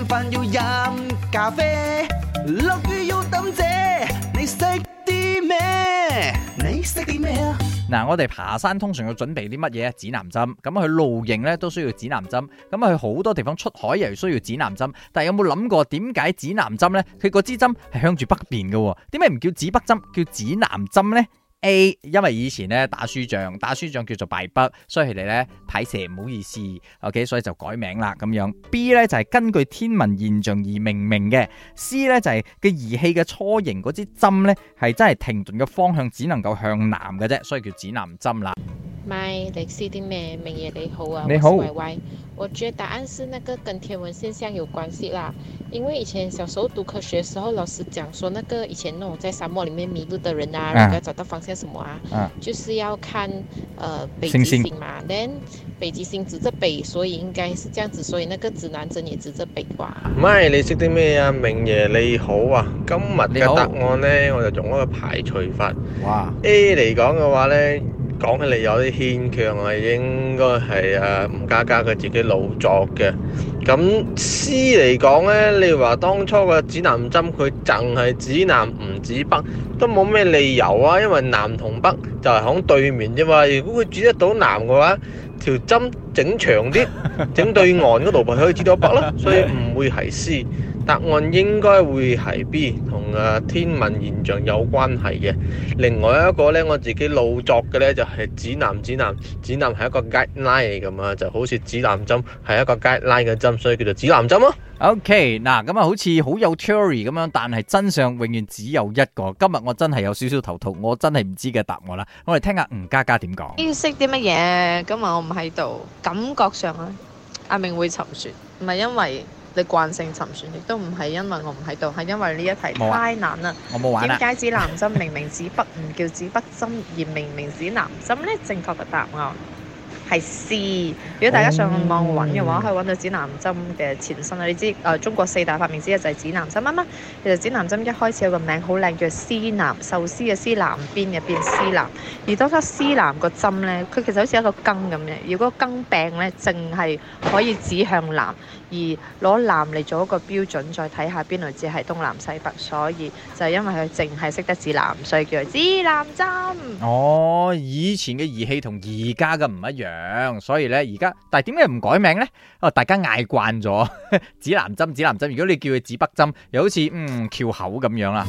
飯要飲咖啡，落雨要等遮。你食啲咩？你食啲咩啊？嗱、嗯，我哋爬山通常要準備啲乜嘢啊？指南針。咁去露營咧，都需要指南針。咁啊，去好多地方出海亦需要指南針。但係有冇諗過點解指南針咧？佢個支針係向住北邊嘅，點解唔叫指北針，叫指南針咧？A，因為以前咧打輸仗，打輸仗叫做敗北，所以佢哋咧睇蛇唔好意思，OK，所以就改名啦咁樣。B 咧就係根據天文現象而命名嘅。C 咧就係個儀器嘅初形嗰支針咧係真係停頓嘅方向只能夠向南嘅啫，所以叫指南針啦。咪你識啲咩？明夜你好啊，我是 Y Y。我覺得答案是那個跟天文現象有關係啦，因為以前小時候讀科學的時候，老師講說，那個以前那種在沙漠裏面迷路的人啊，應、啊、該找到方向什麼啊，啊，就是要看，呃北極星嘛，then 北極星指着北，所以應該是這樣子，所以那個指南針也指着北啩。咪你識啲咩啊？明夜你好啊，今日嘅答案咧，我就用一個排除法。哇，A 嚟講嘅話咧。講起嚟有啲牽強啊，應該係啊吳嘉嘉佢自己老作嘅。咁 C 嚟講咧，你話當初個指南針佢淨係指南唔指北，都冇咩理由啊，因為南同北就係響對面啫嘛。如果佢指得到南嘅話，條針整長啲，整對岸嗰度咪可以指到北咯。所以唔會係 C，答案應該會係 B，同啊天文現象有關係嘅。另外一個咧，我自己老作嘅咧就係指南指南指南係一個 guideline 嚟噶啊，就好似指南針係一個 guideline 嘅針。所以叫做指南針咯。OK，嗱咁啊，好似好有 theory 咁樣，但係真相永遠只有一個。今日我真係有少少頭痛，我真係唔知嘅答案啦。我哋聽下吳家家點講。要識啲乜嘢？今日我唔喺度，感覺上啊，阿明會沉船，唔係因為你慣性沉船，亦都唔係因為我唔喺度，係因為呢一題太難啦。我冇玩啦。點解指南針明明指北唔叫指北針，而明明指南針呢？正確嘅答案。係司，如果大家上網揾嘅話，可以揾到指南針嘅前身啦。你知誒、呃、中國四大發明之一就係指南針啊嘛。其實指南針一開始有個名好靚，叫司南。壽司嘅司，南邊入邊司南。而當初司南個針呢，佢其實好似一個羹咁樣。如果羹柄呢，淨係可以指向南，而攞南嚟做一個標準，再睇下邊度先係東南西北。所以就係因為佢淨係識得指南，所以叫佢指南針。哦、oh，以前嘅儀器同而家嘅唔一樣。所以咧，而家但係點解唔改名咧？哦，大家嗌慣咗指南針指南針，如果你叫佢指北針又好似嗯翹口咁樣啦。